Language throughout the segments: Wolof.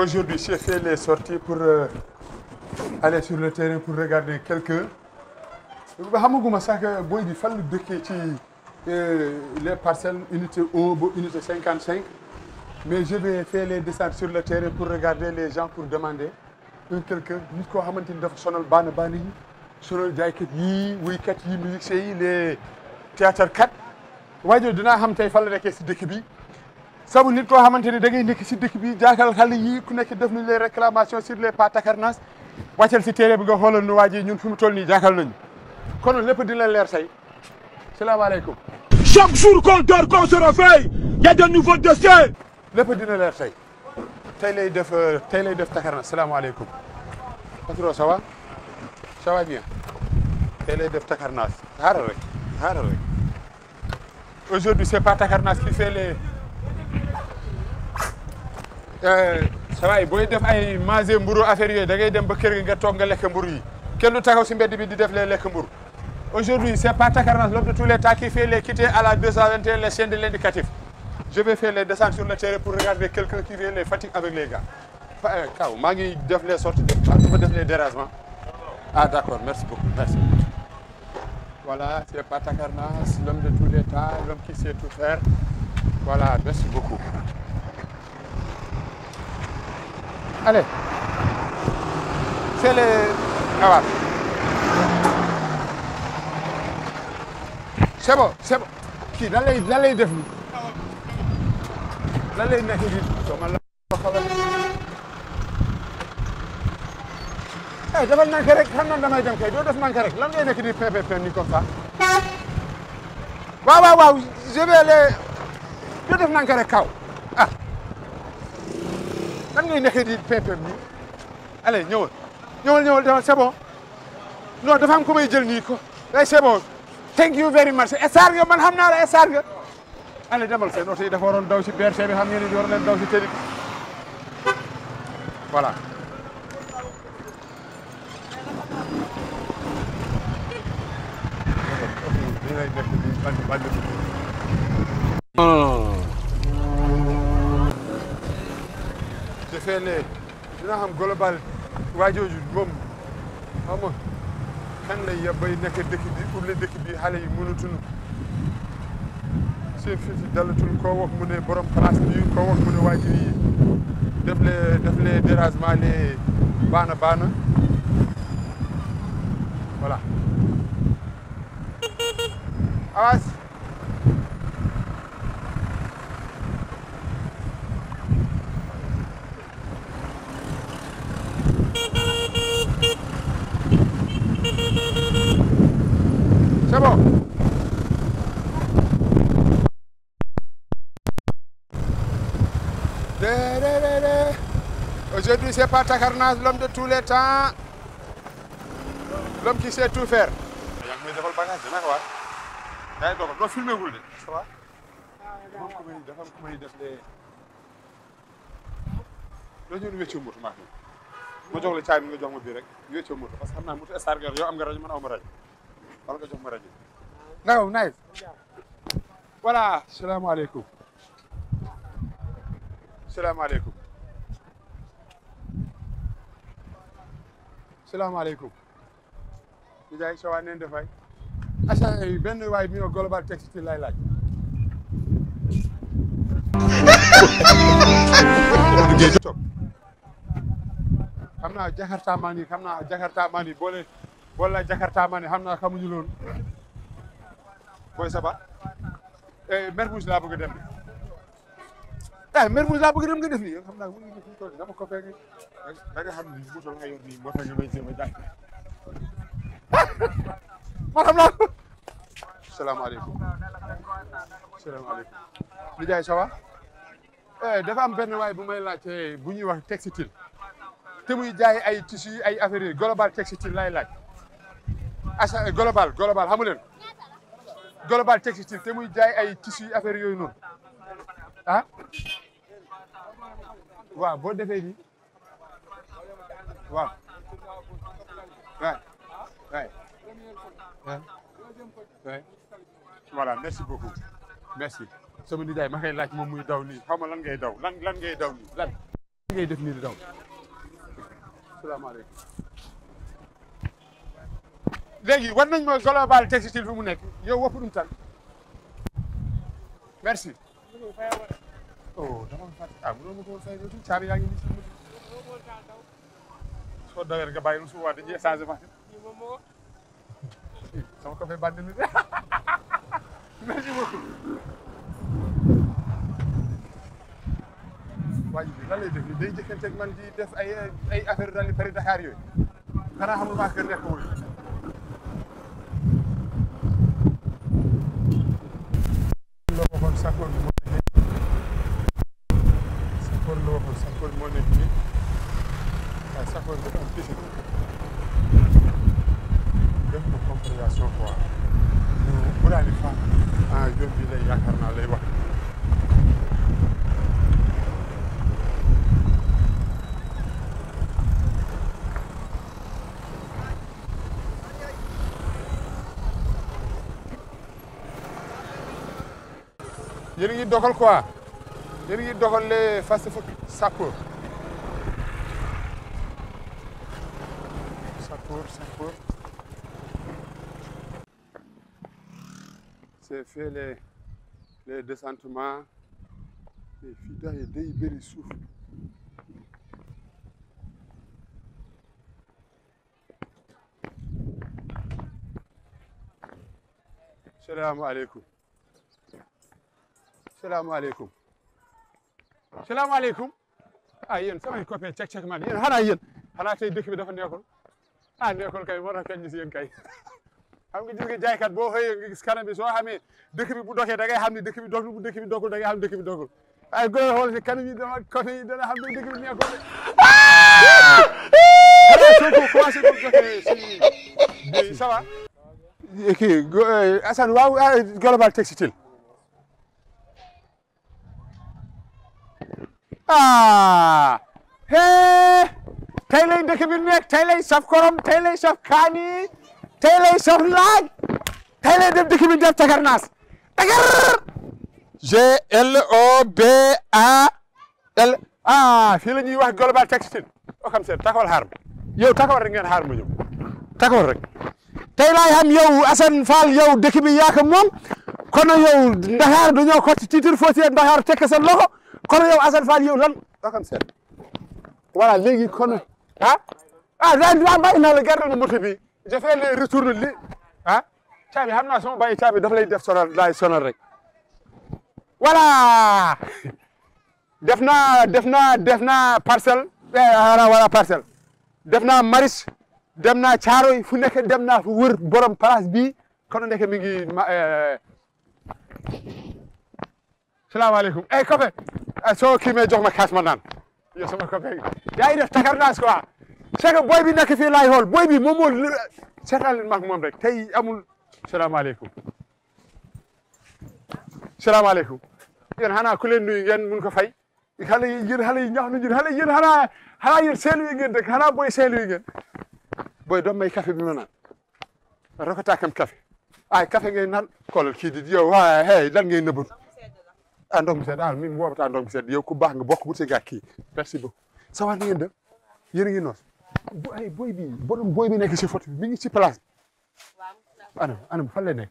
aujourd'hui j'ai fait les sorties pour euh, aller sur le terrain pour regarder quelques ba xamaguma sax euh, boy bi fan la ci ci euh, les parcelles unité 1 ba cinquante cinq mais je vais faire les descentes sur le terrain pour regarder le gens pour demander un quelque nit koo xamante ni dafa sonal baana baana yi sonal jaaykat yi wuykat yi musiciens yi les théâtre kat waaye dinaa xam tey fan la nekkee si dëkk bi sabu nit koo xamante ni da ngay nekk si dëkk bi jaakal xale yii ku nekk def nañ les réclamations sur les pas takarnas wàccal si téere bi nga xoolal nu waa ji ñun fi mu toll nii jaakal nañu kon lépp dina leer say salaamaaleykum chaque jour qu'on dort qu'on se réveille y a de nouveaux dossiers lépp dina leer say tey lay def euh, tey lay def takarnas salaamaaleykum patron ça va lay def takarnas xaaral rek xaaral rek aujourd'hui c'est pas takarnas qui fait Eh, sawaay booy def ay mangé mburu affaire da ngay dem ba kër gi nga toog nga lekk mburu yi kenn du si mbedd bi di def les lekk mbur aujourd'hui c'est pas Takarnas l'homme de tous les temps qui fait les quitter à la 221 les chaînes de l'indicatif je vais faire les sur le terrain pour regarder quelqu'un qui les fatigues avec les gars eh, kaw maa ngi def les sorties de ah, dafa def les dérangements ah d'accord merci beaucoup merci voilà c'est pas Takarnas l'homme de tous les temps l'homme qui voilà merci beaucoup Allez. C'est le... Ah, C'est bon, c'est bon. Kii lay def nii. lan nekk nii. soxna la. Eh, dafa nanke rek xam naa damay dem kay doo def nanke rek lan ngay nekk nii PPP nii comme ça. waaw waaw waaw je doo def nanke kaw. ngay nekkee di pimpem nii allez ñëwal ñëwal ñëwal dama c'est bon non jël nii ko day c'est bon thank you very much star nga man xam naa la star nga allez demal seen yi dafa waroon daw si BRT bi xam ngeen ni war leen daw si tëri voilà defee ne dina xam global waajooju moom xam kan lay yabay nekk dëkk bi urle dëkk bi xale yi mënatuñu seen fiti dalatuñu koo wax mu ne borom place bi koo wax mu ne waajur yi def les def les baana baana voilà c'est pas Takarnas l'homme de tous les temps l'homme qui sait tout faire. yaa ngi may defal bagage waat yaa ngi dogal wul de ça va. moom ku may dafa ku may def de doo ñëw ñu wéccoo moto maa ma jox la caabi nga jox ma bii rek wéccoo moto parce que xam naa moto star nga yor yow am nga rajo man aw ma rajo wala nga jox ma rajo. nagaw naaj. voilà salaamaaleykum. salaamaaleykum. salaamaaleykum. Ndiaye sa waay neen dafay. achat yi eh, benn waay bi ñu global textile lay laaj. xam naa jakarta man yi xam naa jakarta man yi boole boole la jakarta man yi xam naa xamuñu loolu. booy saba. Eh, Mermoz laa bëgg a dem. ah eh, Mermoz laa bëgg dem nga def nii xam naa mu ngi fi tool dama ko fekk da nga xam ni bu tool nga yor nii moo tax nga may jéem a jaay ma xam naa salaamaaleykum salaamaaleykum li jaay ça va eh, dafa am benn waay bu may laajte eh, bu ñuy wax textile te muy jaay ay tissu ay affaire yi global textile lay laaj achat global global xamu leen global textile te muy jaay ay tissu affaire yooyu noonu ah waaw boo defee nii waaw waay waay waay voilà merci beaucoup merci sama nijaay ma koy laaj moom muy daw nii xaw ma lan ngay daw lan lan ngay daw nii lan ngay def nii di daw salaamaaleykum léegi war nañ ma global textile fi mu nekk yow woppu dum tan merci ma ko say wetu caabi yaa ngi soo dawee nga bàyyi su waa dañuy waa ji bi lan man di def ay ay affaire daal di bari Dakar yooyu maa kër nekkul yéen ngi dogal quoi yéen ngi dogal les fast food sapeur sapeur sapeur c'est fait les les descentements les fii dax yi day suuf salaamaaleykum salaamaaleykum salaamaaleykum ah yéen samay copain cek cek man yéen xanaa yéen xanaa tey dëkk bi dafa neexul ah neexul kay war na kañ gis kay xam nga gis nga jaaykat boo xëyee nga gis kanam bi soo xamee dëkk bi bu doxee da ngay xam ne dëkk bi dogul bu dëkk bi dogul da ngay xam ne dëkk bi dogul ay góor xool si kanam yi dama côté yi dana xam ne dëkk bi neexul xanaa soo ko commencé ko joxe si ça va kii euh, Assane waaw euh, Global ah hey tey lay dëkk bi nekk tey lay saf korom tey lay saf kaani tey lay saf laaj tey lay def dëkk bi def takarnaas takar G L O B A L ah fii la ñuy wax global textile o xam seen taxawal xaar ma yow taxawal rek ngeen xaar ma ñëw taxawal rek tey laay xam yow Assane Fall yow dëkk bi yaaka moom kono yow Ndakaar dañoo xotti titre foncier Ndakaar tekk sa loxo kon yow Assane Fall yow lan da kam seet voilà léegi kon ah ah daa bàyyi naa la gerte ma bi je fais les li ah caabi xam naa sama bàyyi caabi daf lay def sono laay sonal rek voilà def naa def naa def naa parcelle eh, voilà def naa maris dem naa caaroy fu nekk dem naa fu wër borom place bi kon nekk mi ngi ma eh, salaamaaleykum eh soo kii may jox ma kaas ma naan yow sama copain yaa ngi def takarnaas quoi boy bi nekk fii laay xool boy bi moom moo seetaan leen maag moom rek tey amul salaamaaleykum salaamaaleykum yéen xanaa ku leen nuyu ngeen mun ko fay xale yi yéen xale yi ñax nu ñun xale yéen xanaa xanaa yéen seen wi ngeen dëkk xanaa booy seen wi ngeen booy doom may café bi ma naan rafetaa kam café ay café ngay naan xoolal kii di yow waaye hey lan ngay nëbbatu andoog ah, mi seet ah min woobata andoog mi seet yow ku baax nga bokk bu si gàkk yi merci beaucoup ça va ni ngeen def yéen ngi noos ay booy bi borom booy bi nekk si photo bi mi ngi si place bi anam anam nekk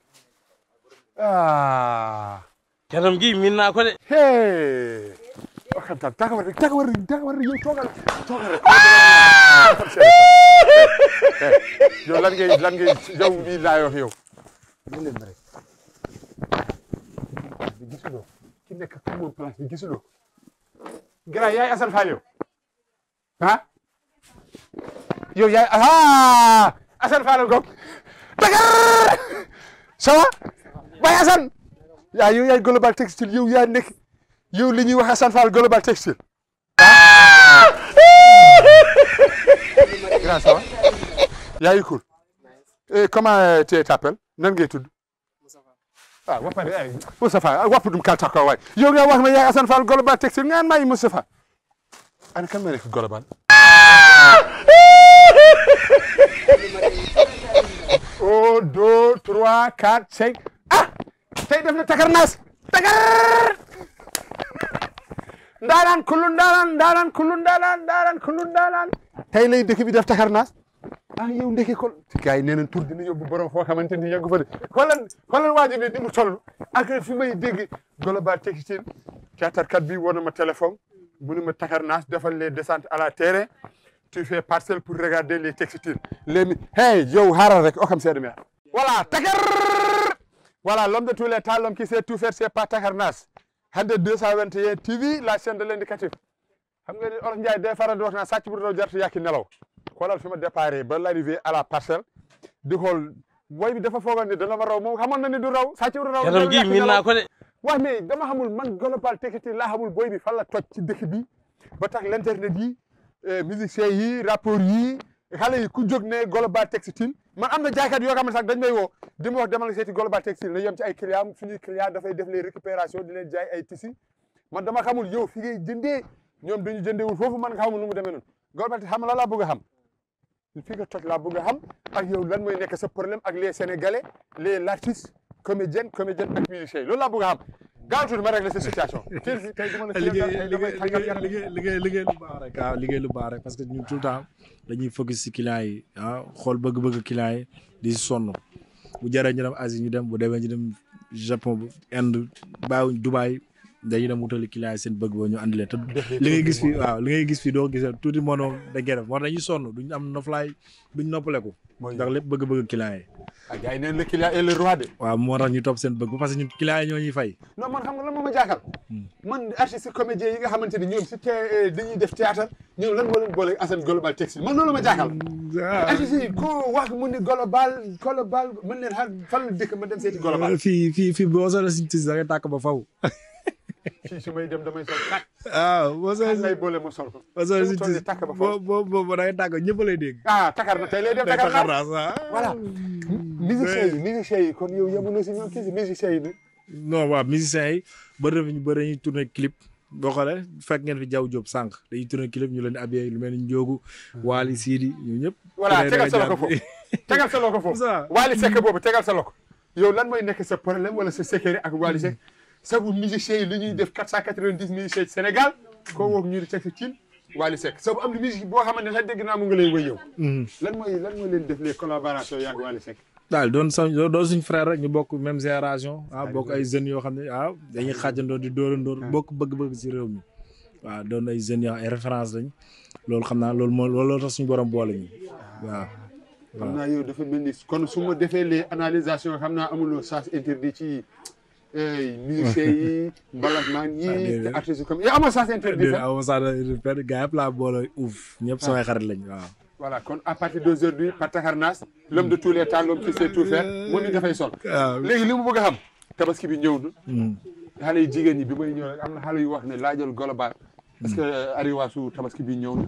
ah kanam gi min naa ko de xam oh, tam taxawal rek taxawal rek taxawal rek yow toogal toogal rek ah! yow lan ngay lan ngay yow mii laa yow nekk xamoo place bi gisuloo gara yaay Assane Fall yow ah yaay ah Assane Fall goog Dakar ça va Baye Assane yaay global textile yow yaa nekk yow li ñuy wax Assane Fall global textile grand ça eh, comment tu eh, t'appelles nan ngay Ah, waaw ba pare eh, ay Moustapha ah, wapputum kaltakkoo yow nga wax ma yaay Assane Fall Global Textile ngaan maayi Moustapha ana kan ma def Global un deux trois quatre ah tey def na takar naas takar ndaanaan kullu ndaanaan tey lay dëkk bi def takar naas ah yow ndeke kon gars yi nee nañ tur dina yóbbu borom foo xamante ni yeggu fa de xoolal xoolal waa ji ne ni mu toll ak fi may dégg Global bi woo na ma téléphone mu ma takar naas defal les descentes à la terre tu fais parcelle pour regarder les textiles les hey yow xaaral rek okam seede meer ah. voilà takar de tous les temps l'homme qui sait tout faire c'est pas takar naas hande 221 la chaîne nga ni faral di wax naa sàcc bu doo jartu yàkki nelaw xoolal fi ma déparé ba l'arrivée à la parcelle di xool boy bi dafa foogoon ne dana ma raw moom xamoon na ni du raw. saa ci raw yaram gi miin naa ko de. waaye mais dama xamul man global tekiti laa xamul boy bi fan la toj ci dëkk bi ba tax l'internet yi euh, musiciens yi rappeurs yi xale yi ku jóg ne global textile man am na jaaykat yoo xam ne sax dañ may woo di ma wax demal seeti global textile na yem ci ay clients suñuy clients dafay def les récupération di leen jaay ay tissus man dama xamul yow fi ngay jëndee ñoom dañu jëndee wul foofu man nga xamul nu mu demee noonu global textile xam la bëgg a xam fi nga toj laa bëgg a xam ak yow lan mooy nekk sa problème ak les sénégalais les artistes comédiennes comédiennes ak musiciens yi loolu laa bëgg a xam gaaw tuuti ma régler sa situation. tey tey dama la liggéey liggéey liggéey lu baax rek ah liggéey lu baax rek parce que ñun tout le temps dañuy focus si client yi ah xool bëgg-bëgg client yi di sonn bu jaree ñu dem Asie ñu dem bu demee ñu dem Japon bu Inde bàyyiwuñ Dubaï dañu dem wutali client yi seen bëgg ba ñu andi leen ah. te li ngay gis fii waaw li ngay gis fii doo gis tuuti mono da geref war dañuy ah, xam nga hmm. ni ñoom si te eh, dañuy def théâtre ñoom lan moo leen boole ensemble global textile man loolu hmm, la ma dem seeti global fii fii fii boo soxla si tis da ngay tàkk ba faw si su may dem damay sol kat. waaw ah, boo soo si lay boole ma sol ko. boo boo boo boo da ngay tàgg ñëpp ah, takar na tey lay def takar naa voilà. musiciens yi musiciens yi kon yow yemoon na si ñoom kii si yi. non waaw musiciens yi bëri ñu bëri nañu tourné clip. boo xoolee fekk ngeen fi jaw jóob sànq dañuy tourné clip ñu leen di habillé lu mel ni Ndiogou. Waly Sidi ñun ñëpp. voilà tegal sa loxo foofu tegal sa loxo foofu. boobu tegal sa loxo. lan mooy nekk sa problème wala sa secret ak Waly Seck sabu musicien yi li ñuy def quatre cent sabu am na musique boo xamante ne sax naa mu nga lay wëy yow mm-hmm. lan mooy lan mooy leen def les collaborations yaa ngi Wally doon suñ frère rek ñu bokk même génération ah bokk ay jeunes yoo xam ne waaw ah, dañuy xaajandoo di dóorandóor ah. bokk bëgg-bëgg si réew mi waaw doon ay jeunes yoo ay référence xam naa loolu moo loolu tax suñu borom boole ñu waaw xam naa yow dafa mel ni kon su defee les analysations xam naa amuloo sens interdit ci musiciens yi balancement yi te artistes yi comme yow amoo sens interdit sax amoo sens interdit gars yëpp laa boole uuf ñëpp samay xarit lañ waaw voilà kon à partir d'aujourd'hui par Takarnas l'homme de tous les temps l'homme qui sait tout faire moom ni dafay sol ah, léegi li mu bëgg a xam tabaski bi ñëw na hmm. xale yi jigéen ñi bi may ñëw rek am na xale yu wax ne laajal golobaar est-ce que arrivé su tabaski bi ñëw na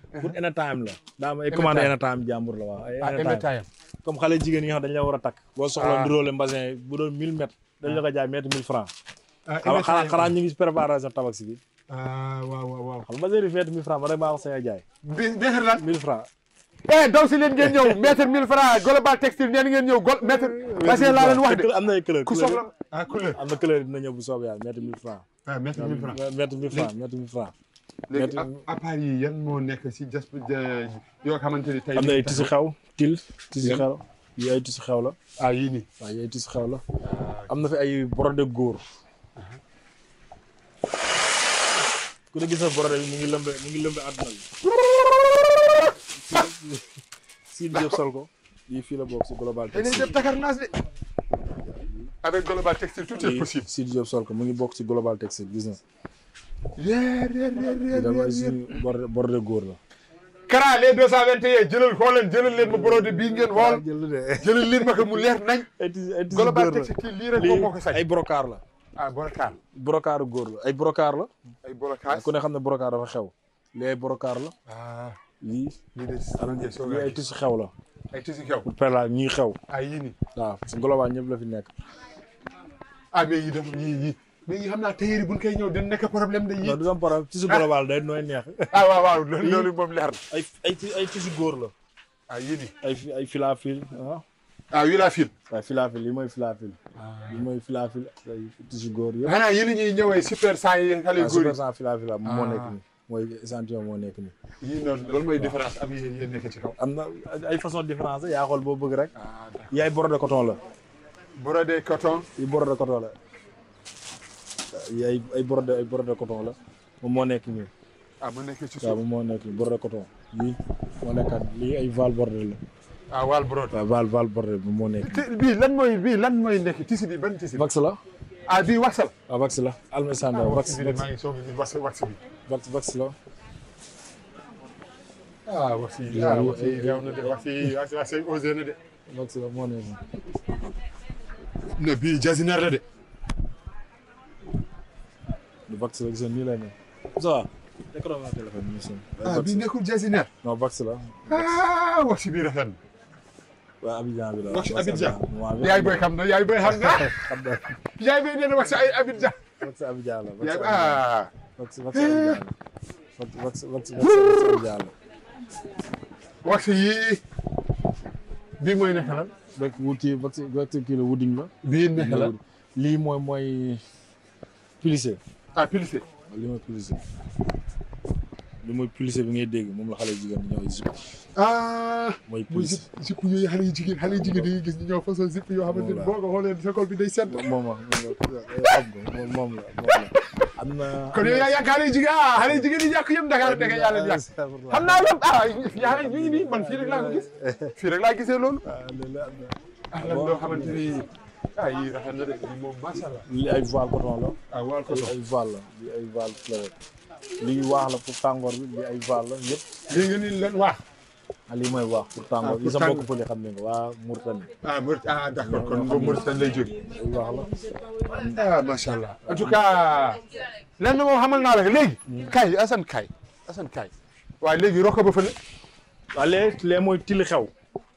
pour en uh-huh. time la daa am ay commande en time jàmbur la waaw ay ah, time comme xale jigéen yi nga xam dañ la war a takk boo soxla ah. nduróole mbasin bu doon mille mètres dañ la ko jaay mètre francs ah, xanaa xanaa ñu ngi préparation tabax bi jaay eh, daw si leen ngeen ñëw mètre mille francs global textile neen ngeen ñëw gol mètre mbasin laa leen wax de am na ay couleur ku soxla ah couleur am na couleur dina ñëw bu soob yàlla mètre mille francs mètre mille francs léegi appareil yi yan nekk si jas yoo xamante ni tey. am na til tisi xew yi ay tisi la. ah yii nii waaw yii ay la. Ah, am na fi ay brodé góor. Uh-huh. ku ne gis na brodé bi mu ngi lëmbe mu ngi lëmbe àdduna bi. Sidi Diop sol ko. yii fii la bokk si global. textile dañuy def Dakar sol ko mu ngi bokk ci global textile gis na. reer reer reer dama góor la Kara les deux cent vingt et un jëlal leen ma produit bii ngeen xool jëlal leen ma mu leer nañ global textile lii rek moo ko sañ ay brocart la ah brocart góor la ay brocart la ay brocart ku ne xam ne brocart dafa xew lii ay brocart la ah lii lii ay tissu xew la ay tissu xew pour pelaa ñii xew ah yii nii la fi nekk ah, léegi xam naa tey bu ñu koy ñëw dina nekk problème day yéeg. non du am problème ci su global day nooy neex. ah waaw waaw loolu moom leer na. ay ay ay ci su góor la. ah yii nii. ay ay filafil ah. ah filafil. waaw filafil yi mooy filafil. yi ah. mooy filafil ay tissu góor yëpp. xanaa yéen ñuy ñëwee super sang yi xale yu ah, góor yi. super sang filafil la moo nekk ah. nii. mooy échantillon moo nekk nii. yii noonu loolu mooy différence am yéen yéen nekk ci kaw. am na ay façon différence yaa xool boo bëgg rek. yaay borode coton la. borode coton. yi borode coton la. ay ay brodé ay brodé coton la moom moo nekk nii. ah mu nekk ci suuf waaw moom moo nekk brodé coton lii moo nekkaat lii ay val brodé la. Ah, waaw val val brodé bi moo nekk. te bii lan mooy nekk tissu bi ban tissu. la. ah bii wax la. ah wax ah, bi maa ngi soog a wax wax bi. wax wax la. ah wax yi ah la moo nekk. ne bii jasinaire la de. du vax rek seen nii lay mel. ça va. ah bii nekkul jasinaire. non vax la. ah wax si biir rafet na. waaw Abidjan bi la wax si Abidjan. yaay booy xam na yaay booy xam na. yaay booy nee na wax si ay Abidjan. wax si Abidjan la. yaay ah. wax si wax si Abidjan la. wax si wax si Abidjan la. wax si yii. bii mooy nekk lan. rek wuti wax si kii la wuding la. bii nekk lan lii mooy mooy plissé. ah publicité. li ma publicité li mooy publicité bi ngay dégg moom la xale jigéen ñi ñëw zip. Ah, mooy publicité muy zip yooyu xale yu jigéen xale yu jigéen dañuy gis ñu ñëw façon zip yoo xamante ni boo ko xoolee sa kol bi day sedd. moom la moom moom la am na. kon yow yaa yàq xale yu jigéen ah xale yu jigéen yi yàq yëpp Dakar da nga yàlla yàq xam naa loolu ah, ah yaa ñu ngi nii man fii rek laa ko gis fii rek laa gisee loolu. ah loolu am na ah lan loo xamante ni. ah yii rafet na de lii ay voile coton la. ah voile coton ay voile la lii ay voile fleuret. lii waax la pour tàngoor bi lii ay voile la yëpp. lii nga nii lan waax. ah lii mooy waax pour tàngoor bi ah, sa mbokk pëli xam nañ ko waa Mourtani. ah Mourt ah d' accord kon moom Mourtani lay jógee. ay waax la. ah macha allah en tout cas. lenn moom xamal naa la léegi. Hmm. kay Assane kay Assane kay. waaye léegi roko ba fële. waaw léegi lee mooy til xew.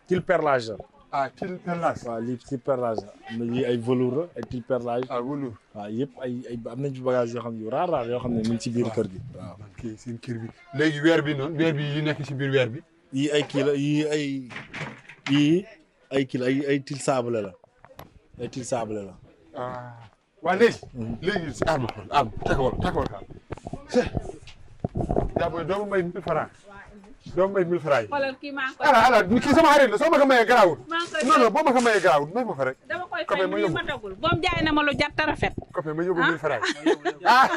til perlage la. ah til perlage. waaw lii til perlage la am na lii ay velours la ay til perlage. ah velours waaw ay ay am nañ ci bagage yoo xam ne yu yoo xam ne ñu ngi ci biir kër gi. waaw man bi léegi weer bi noonu weer bi yi nekk ci biir weer bi. yii ay kii la ay yii ay kii ay ay til sable la ay til sable la. Ah, waaw léegi. léegi si àll ah, ah, ba doo may 1000 francs yi. xoolal kii soo ma ko mayee garaawul. maa boo ma ko mayee garaawul may ma fa rek. dama ma dagul boom jaay na ma ah. ah.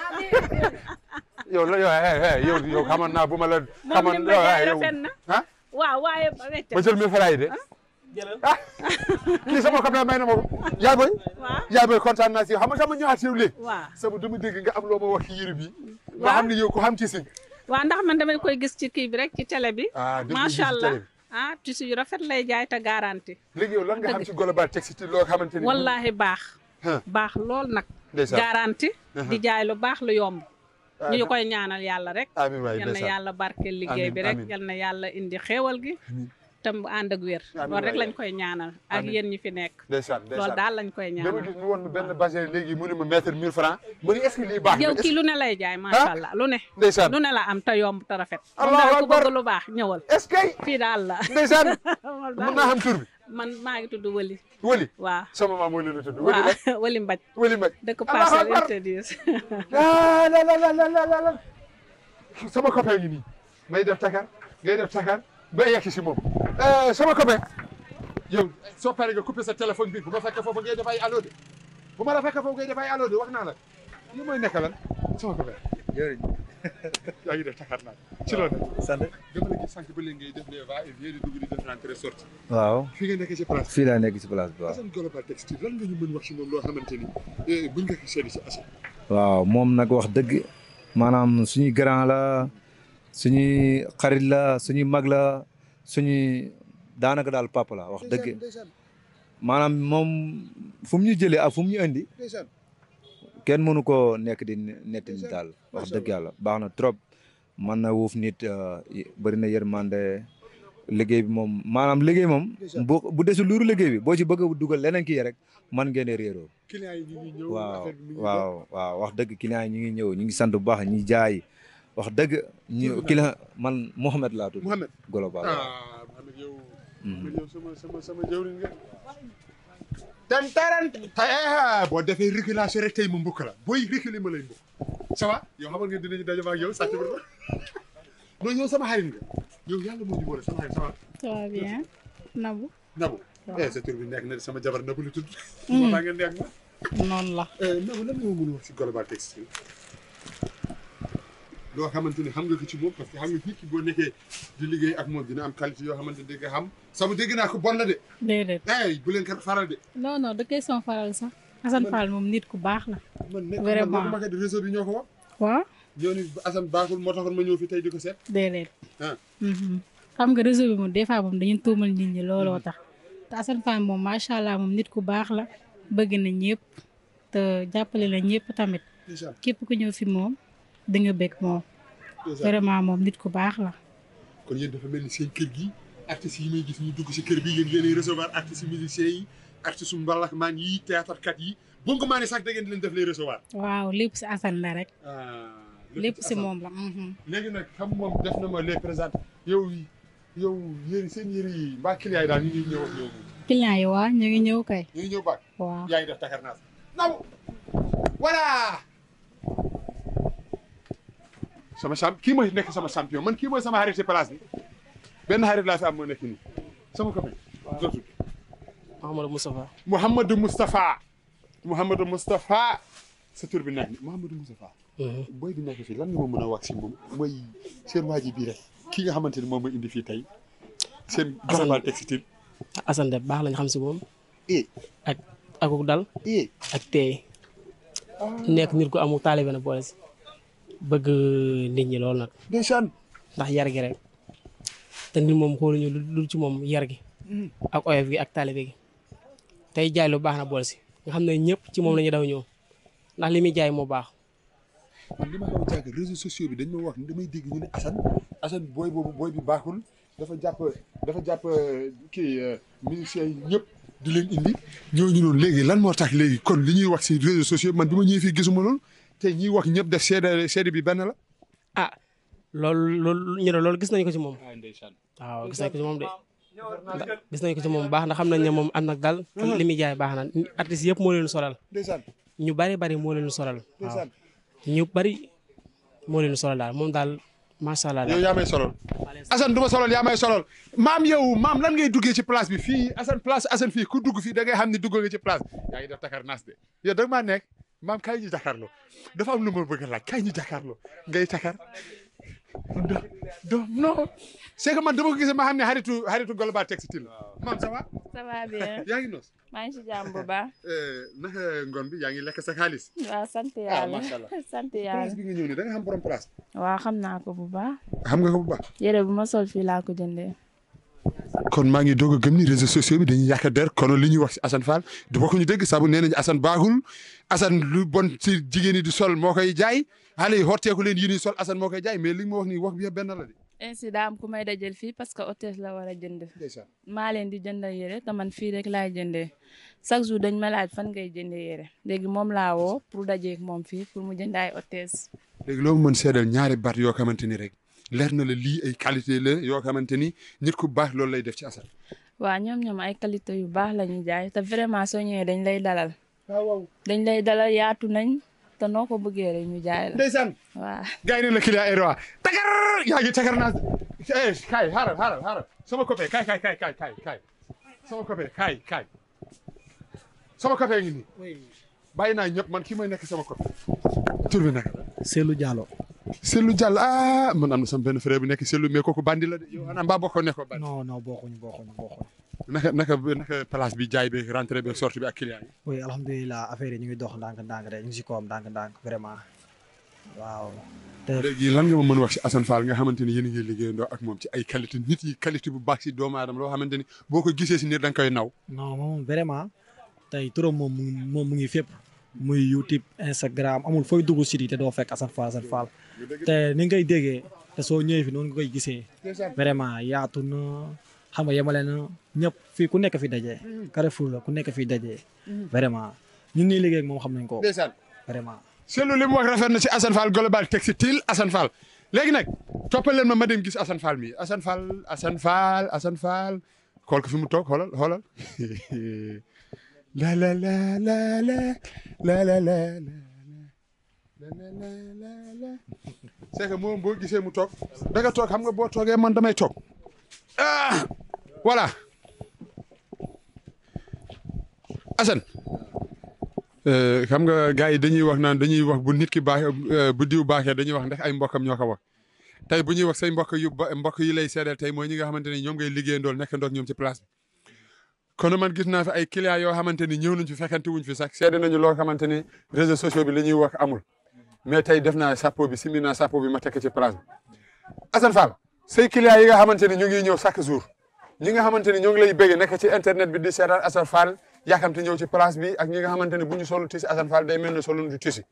la yow yow yow naa bu ma la. xamoon yow ah? de. ah kii sama coppe may na ma ko. yaa boy yaa boy kontaan naa si yow xam nga sama ñëwaat yow sama dama dégg nga am loo ma wax bi. waaw nga xam ne yow ku xam ci waaw ndax man damay koy gis ci kii bi rek ci télé bi. Ah, macha allah ah tissu yu rafet lay jaay te garanti. léegi yow lan loo xamante ni. wallaahi baax. baax lool nag. garanti. di jaay lu baax lu yomb. Ah, ñu koy ñaanal yàlla rek. amiin waay yal na yàlla barkeel liggéey bi rek yal na yàlla indi xewal gi. itam bu ànd ak wér loolu rek lañ koy ñaanal ak yéen ñi fi nekk loolu daal lañ koy ñaanal dama gis ñu woon benn bassin léegi mu ne ma mètre mille francs ma ne est-ce que lii baax yow kii lu ne lay jaay macha allah lu ne ndeysaan lu ne la am te yomb te rafet ku bëgg lu baax ñëwal est-ce que fii daal la ndeysaan mën naa xam tur bi man maa ngi tudd Wali. Wali waaw sama maam Wali la tudd. Wali Mbaj Wali Mbaj. Wali Mbaj dëkk Parcelles Interdites. la la la la la sama copain ngi nii. may def takar ngay def takar ba yegg si moom eh, sama copain yow soo paree nga coupé sa téléphone bi bu ma fekkee foofu ngay def ay allo de ma la fekkee foofu ngay def allo de wax naa la nekk lan sama copain. jërëjëf. yaa naa ci loolu. sant. dama la gis sànq ba léegi ngay def les va et vient di dugg di def rentrée sortie. waaw fi nga nekk ci place. fii laa nekk ci place si moom loo eh, moom nag wax dëgg maanaam suñuy grand la. suñuy xarit la suñuy mag la suñuy daanaka daal papa la wax dëgg maanaam moom fu mu ñu jëlee ak fu mu ñu indi kenn mënu ko nekk di netti ni daal wax dëgg yàlla baax na trop man na wuuf nit euh, bëri na yërmande liggéey bi moom maanaam liggéey moom bu bu desu luuru liggéey bi boo ci bëgg a dugal leneen kii rek man ngeen réeroo waaw waaw waaw wax dëgg client yi ñu ngi ñëw ñu ngi sant bu baax ñi jaay wax dëgg ñu ki la man Mouhamed laa tudd. Mouhamed Golo Ba ah Mouhamed yow. Mouhamed yow sama sama sama jawriñ nga. ten tarant eh, ah, boo defee régulation rek tey ma mbokk la booy reculer ma lay mbokk yow xamal nga dinañu daje ma ak yow yow sama xarit nga yow yàlla moo ñu boole sama xarit ça va. ça va bien Nabou. Nabou eh sa tur bi nekk na sama jabar Nabou lu tudd. Hmm. maa ngi nekk na. noonu la. Eh, Nabou lan moo mën a wax loo xamante ni xam nga ko ci moom parce que xam nga boo nekkee di liggéey ak moom dina am qualité yoo xamante ni nga xam sama dégg naa ko bon la de. déedéet ay bu leen faral de. non non da question faral sax. Assane Fall moom nit ku baax la. vraiment bi ko wax. waaw. ñoo ni Assane moo taxoon ma ñëw ko seet. déedéet. Ah. Mm-hmm. xam nga réseau bi moom des fois moom dañu ñi looloo mm-hmm. tax. te Assane Fall moom macha allah moom nit ku baax la bëgg na ñëpp te jàppale na ñëpp tamit. képp ku ñëw fi moom. di nga bëgg moom. vraiment moom nit ku baax la. kon yéen dafa mel ni seen kër gi artistes yi may gis ñu dugg si kër gi yéen yéenay recevoir artistes musiciens yi artistes mbalax maan yi théâtre kat yi bu nga ko maanee sax da ngeen di leen def lay recevoir. waaw lépp si Assane rek. Ah, lépp si moom la. Mhm. léegi nag xam moom def na ma les présenter yow yow yéen seen yëre yi mbaa client yi daal ñu ngi ñëw ak yi waaw ñu kay. waaw yaa ngi def takarnaas. naw voilà. sama champ kii mooy nekk sama champion man kii mooy sama xarit ci place bi benn xarit laa fi am moo nekk nii sama copain. waaw dootul. Mouhamadou Moustapha. Mouhamadou Moustapha. Mouhamadou Moustapha. sa tur bi nekk nii Mouhamadou Moustapha. Mhm. booy bi nekk fii lan nga mën a wax si moom mooy seen waa ji bii rek ki nga xamante ni moom ma indi fii tey. seen garabal baax lañ xam si moom. Eh. ak akuk dal. Eh. ak teey ah. nekk nit ko amul taalibe na boole si. bëgg nit ñi loolu nag. ndeysaan. ndax yar gi rek te nit moom xooluñu lu ci moom yar gi. Mm. ak oyof gi ak taalibe gi. tey jaay lu baax na bool si nga xam ne ñëpp ci moom la ñu daw ñëw ndax li muy jaay moo baax. man li ma bi dañ ma wax damay dégg ñu ne Assane booy boobu booy bi baaxul dafa jàpp dafa jàpp kii euh, ministère ñëpp du leen indi ñooñu noonu léegi lan moo tax léegi kon li ñuy wax si réseaux sociaux man bi ma ñëwee fii gisuma loolu. te ñiy wax ñëpp def seede seede bi benn la. ah loolu loolu ñu ne loolu gis nañu ko ci moom. waaw ah, ah, gis nañu ko ci moom de. gis nañu ko ci moom baax na xam nañ ne moom ànd ak daal. li muy jaay baax na artistes yëpp moo leen solal. ñu bari bari moo leen solal. waaw ñu bari moo leen solal daal moom daal macha allah. yow yaa may solal Assane du ma solal yaa may solal maam yow maam lan ngay duggee si place bi fii Assane place Assane fii ku dugg fii da ngay xam ne dugg nga ci place yaa ngi def naas de yow dag maa nekk. maam kaay ñu jàkkaarloo dafa am lu ma bëgg a laaj kaay ñu jàkkaarloo ngay takar do do non man dama ko gisee ma xam ne xaritu xaritu Global Textile la maam ça va. ça va bien si jàmm bu baax. Eh, bi yaa ngi lekk sa xaalis. waaw sant ah, yàlla sant yàlla place bi xam borom naa ko bu baax. xam nga ko bu baax. ma sol fii laa ko jëndee. kon maa ngi doog a gëm ni réseaux sociaux bi dañuy yàq der kon li ñuy wax si Assane Fall du bokk ñu dëgg saabu nee nañu Assane baaxul Assane lu bon si jigéen yi di sol moo koy jaay xale yi xorteeku leen yi ñuy sol Assane moo koy jaay mais li nga ma wax nii wax bi yëpp benn la de. incident am ku may dajal fii parce que hôtesse la war a jënd. maa leen di jëndal yére te man fii rek laay jëndee chaque jour dañ ma laaj fan ngay jëndee yére léegi moom laa woo pour dajeeg moom fii pour mu jënd ay hôtesse. léegi loolu mën seedal ñaari baat yoo xamante ni rek leer na la lii ay qualité la yoo xamante ni nit ku baax loolu lay def ci asal waaw ñoom ñoom ay qualité yu baax lañu jaay te vraiment soo ñëwee dañ lay dalal. Ah, dañ lay dalal yaatu nañ te noo ko bëggee ñu jaay la. ndeysaan waaw. gars yi ne la client ay roi tagar yaa ngi tagar naa eh kaay xaaral xaaral xaaral sama copain kaay kaay kaay kaay kaay sama copain kaay ngi nii. bàyyi naa ñëpp man kii mooy nekk sama copain. tur bi nag. Seydou Diallo. Cellou Diallo ah man am na sama benn frère bu nekk Cellou mais kooku bandi la de yow ana mbaa bokkoo nekkoo bandi. non non bokkuñ bokkuñ bokkuñ. naka naka naka place bi jaay bi rentrée bi sortie bi ak client yi. oui alhamdulilah affaire yi ñu ngi dox ndànk-ndànk de ñu ngi si koom ndànk-ndànk vraiment waaw. léegi lan nga ma mën wax si Assane Fall nga xamante ni yéen a ngi liggéeyandoo ak moom ci ay qualité nit yi qualité bu baax si doomu aadama loo xamante ni boo ko gisee si nit da nga koy naw. non moom vraiment tey turam moom mu moom mu ngi fépp muy YouTube Instagram amul fooy dugg site yi te doo fekk Assane Fall Assane Fall te ni ngay déggee te soo ñëwee fi noonu nga koy gisee vraiment yaatu na xam nga yemale na ñëpp fii ku nekk fi dajee mhm. Carrefour la ku nekk fi dajee mhm. vraiment ñu ñuy liggéey ak moom xam nañ ko vraiment se li mu wax rafet na si Assane Fall Global Textile Assane Fall léegi nag toppal leen ma ma dem gis asan Fall mi Assane Fall Assane Fall Assane Fall xool fi mu toog xoolal xoolal la la la la la c'est que moom boo gisee mu toog da nga toog xam nga boo toogee man damay toog ah voilà Assane euh, xam nga gars yi dañuy wax naan dañuy wax bu nit ki baaxee euh, bu diw baaxee dañuy wax ndax ay mbokkam ñoo ko wax tey bu ñuy wax say mbokk yu mbokk yi lay seedeel tey mooy ñi nga xamante ne ñoom ngay liggéeyandool nekkandoog ñoom ci place bi kon man gis naa fi ay clients yoo xamante ni ñëw nañ fi fekkante wuñ fi sax seede nañu loo xamante ni réseaux sociaux bi li ñuy wax amul mais tey def naa chapeau bi simmi naa chapeau bi ma tekk ci place bi. Assane Fall say clients yi nga xamante ni ñu ngi ñëw chaque jour ñi nga xamante ni ñoo ngi lay béggee nekk ci internet bi di seetaan Assane Fall yaakamte ñëw ci place bi ak ñi nga xamante ne bu ñu solu tisi Assane Fall day mel ne solu du tisi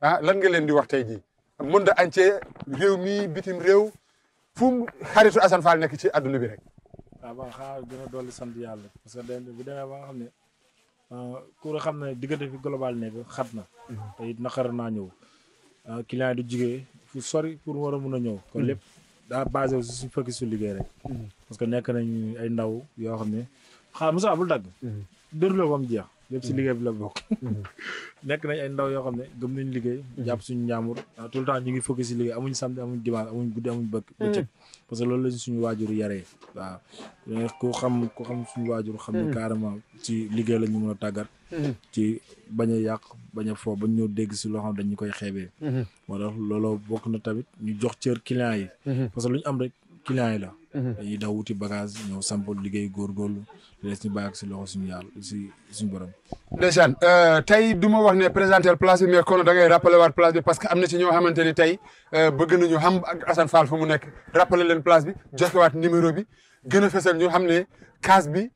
ah lan nga leen di wax tey jii monde entier réew mi bitim réew fu xaritu Assane Fall nekk ci àdduna bi rek waaw ah, ba xaar gën a dolli sant yàlla parce demee ba xam ne ah, ku xam ne diggante fi global nekk xat na mhm. te it naqar naa ñëw Euh, client yi du jugee fu sori pour war a mun a ñëw. kon hmm. lépp daa basé wu si suñu fekki suñu liggéey rek. Hmm. parce que nekk nañ ay ndaw yoo xam ne xaar Moussa bul dagg. Hmm. déroulé ba mu jeex. lépp si liggéey bi la bokk. nekk nañ ay ndaw yoo xam ne gëm nañ liggéey. jàpp suñu njàmbur ah, tout le temps ñu ngi focus si liggéey amuñ samedi amuñ dimanche amuñ guddi amuñ bëccëg. parce que loolu la suñu waajur yaree waaw eh, ku xam ku xam suñu waajur xam ne hmm. carrément ci liggéey la ñu mën tàggat hmm. ci bañ a yàq bañ a foo bañ ñëw dégg si loo xam dañu koy xeebee hmm. moo looloo bokk na tamit ñu jox cër clients yi parce que lu ñu am rek clients yi la Mhm. dañuy daw wuti bagage ñëw sampol liggéey góorgóorlu lees ñu bàyyi ak si loxo suñu yàlla si suñu borom ndeysaan euh, tey du ma wax ne présenter place bi mais kono da ngay rappelé waat place bi parce que am na ci ñoo xamante ni tey euh, bëgg nañu xam ak Assane Fall fu mu nekk rappelé leen place bi joxewaat numéro bi gën a fesal ñu xam ne case bi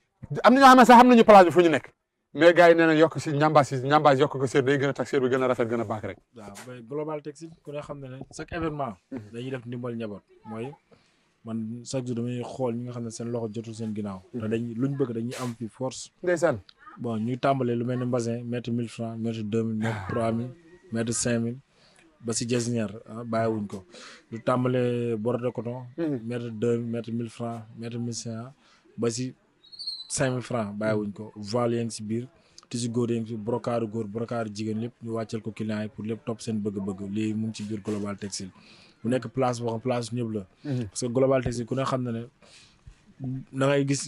am na ñoo xam ne sax xam nañu place bi fu ñu nekk mais gars yi nee yokk si ñambaas yokk ko seer day gën a tax seer bi gën a rafet gën a baax rek global textile ku ne xam ne ne chaque événement mhm. dañuy def ndimbal njaboot man chaque jour damay xool ñi nga xam ne seen loxo jotul seen ginnaaw. Mhm. te dañuy luñ bëgg dañuy am fi force. ndeysaan. bon ñu tàmbalee lu mel ne mbasin mettre mille francs mettre deux mille mettre trois mille mettre cinq mille ba si jasinière ah, bàyyiwuñ ko lu tàmbalee bord de coton. mettre mhm. deux mille mettre mille francs mettre mille cinq ba si cinq mille francs bàyyiwuñ ko voile yaa ngi si biir. tissu góor yaa ngi fi brocart góor brocart jigéen lépp ñu wàcceel ko client pour lépp topp seen bëgg-bëgg lii mu ngi ci biir global textile. mu nekk place boo xam place ñëpp la. Mhm. parce que globalité si ku ne xam na ne da ngay gis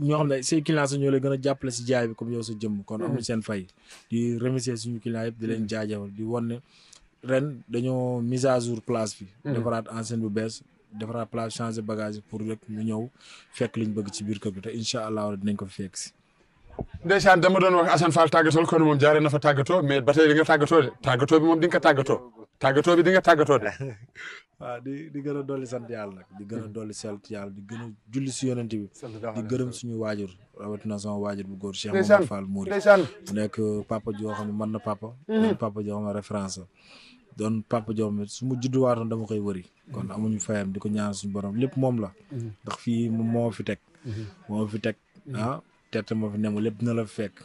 ñoo xam ne say clients ñoo lay gën a jàppale si jaay bi comme yow sa jëmm. kon amul mhm. seen fay. di remercier suñu clients yëpp di leen mhm. jaajëfal di wan ne ren dañoo mise à jour place bi. defaraat enseigne bu bees. defaraat place changer bagage pour rek ñu ñëw fekk liñ bëgg ci biir kër bi te incha allah dinañ ko fekk si. ndeysaan dama doon wax Assane Fall tàggatoo tàggatoo bi di nga tàggatoo de. waaw di di gën a dolli sant yàlla di gën a dolli sant yàlla di gën a julli si yonent bi. di gërëm suñu waajur. rawatina sama waajur bu góor Cheikh Mamadou Fall Mouri. mu nekk papa joo xam ne na papa. Mhm. doon papa joo xam ne référence joo xam ne su ma judduwaatoon dama koy wëri. Mhm. kon amuñu fayam di ko ñaan suñu borom lépp moom la. Mhm. ndax fii moom moo fi teg. moo fi teg ah terte moo fi ne lépp na la fi fekk.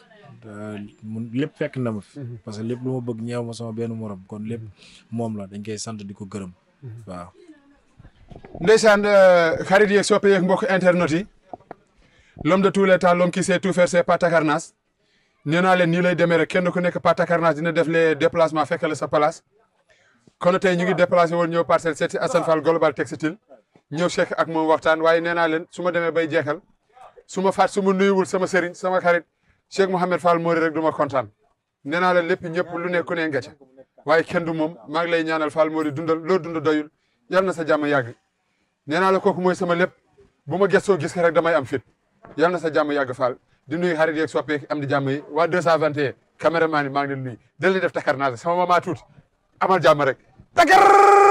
mun lépp fekk na ma fi. Mhm. parce que lépp lu ma bëgg ñeew ma sama benn morom kon lépp mhm. moom la dañ koy sant di ko gërëm mhm. waaw. ndeysaan euh, xarit yeeg soppe yeeg mbokk internet yi l'homme de tous les temps l'homme qui sait tout faire c'est pas Takarnass leen nii lay demee rek kenn ku nekk pas Takarnass dina def les déplacements fekk la sa place kon tey ñu ngi déplacé woon ñëw parcelle seeti Assane Fall Global Textile ñëw Cheikh ak moom waxtaan waaye nee naa leen su ma demee bay jeexal su ma faat su sama sëriñ sama xarit Cheikh Mouhamed Fall Mori rek du ma kontaan nee naa la lépp ñëpp lu nekku ne nga ca waaye kenn moom maa ngi lay ñaanal Fall Mori dundal loo dund doyul yal na sa jàmm yàgg nee naa la kooku mooy sama lépp bu ma gëstoo gis rek damay am fit yal na sa jàmm yàgg Fall di nuyu xarit yeeg soppeek am di jàmm yi waa 221 caméraman yi maa ngi leen nuyu dañ lay def takarnaase sama mamaa tuuti ama jàmm rek takar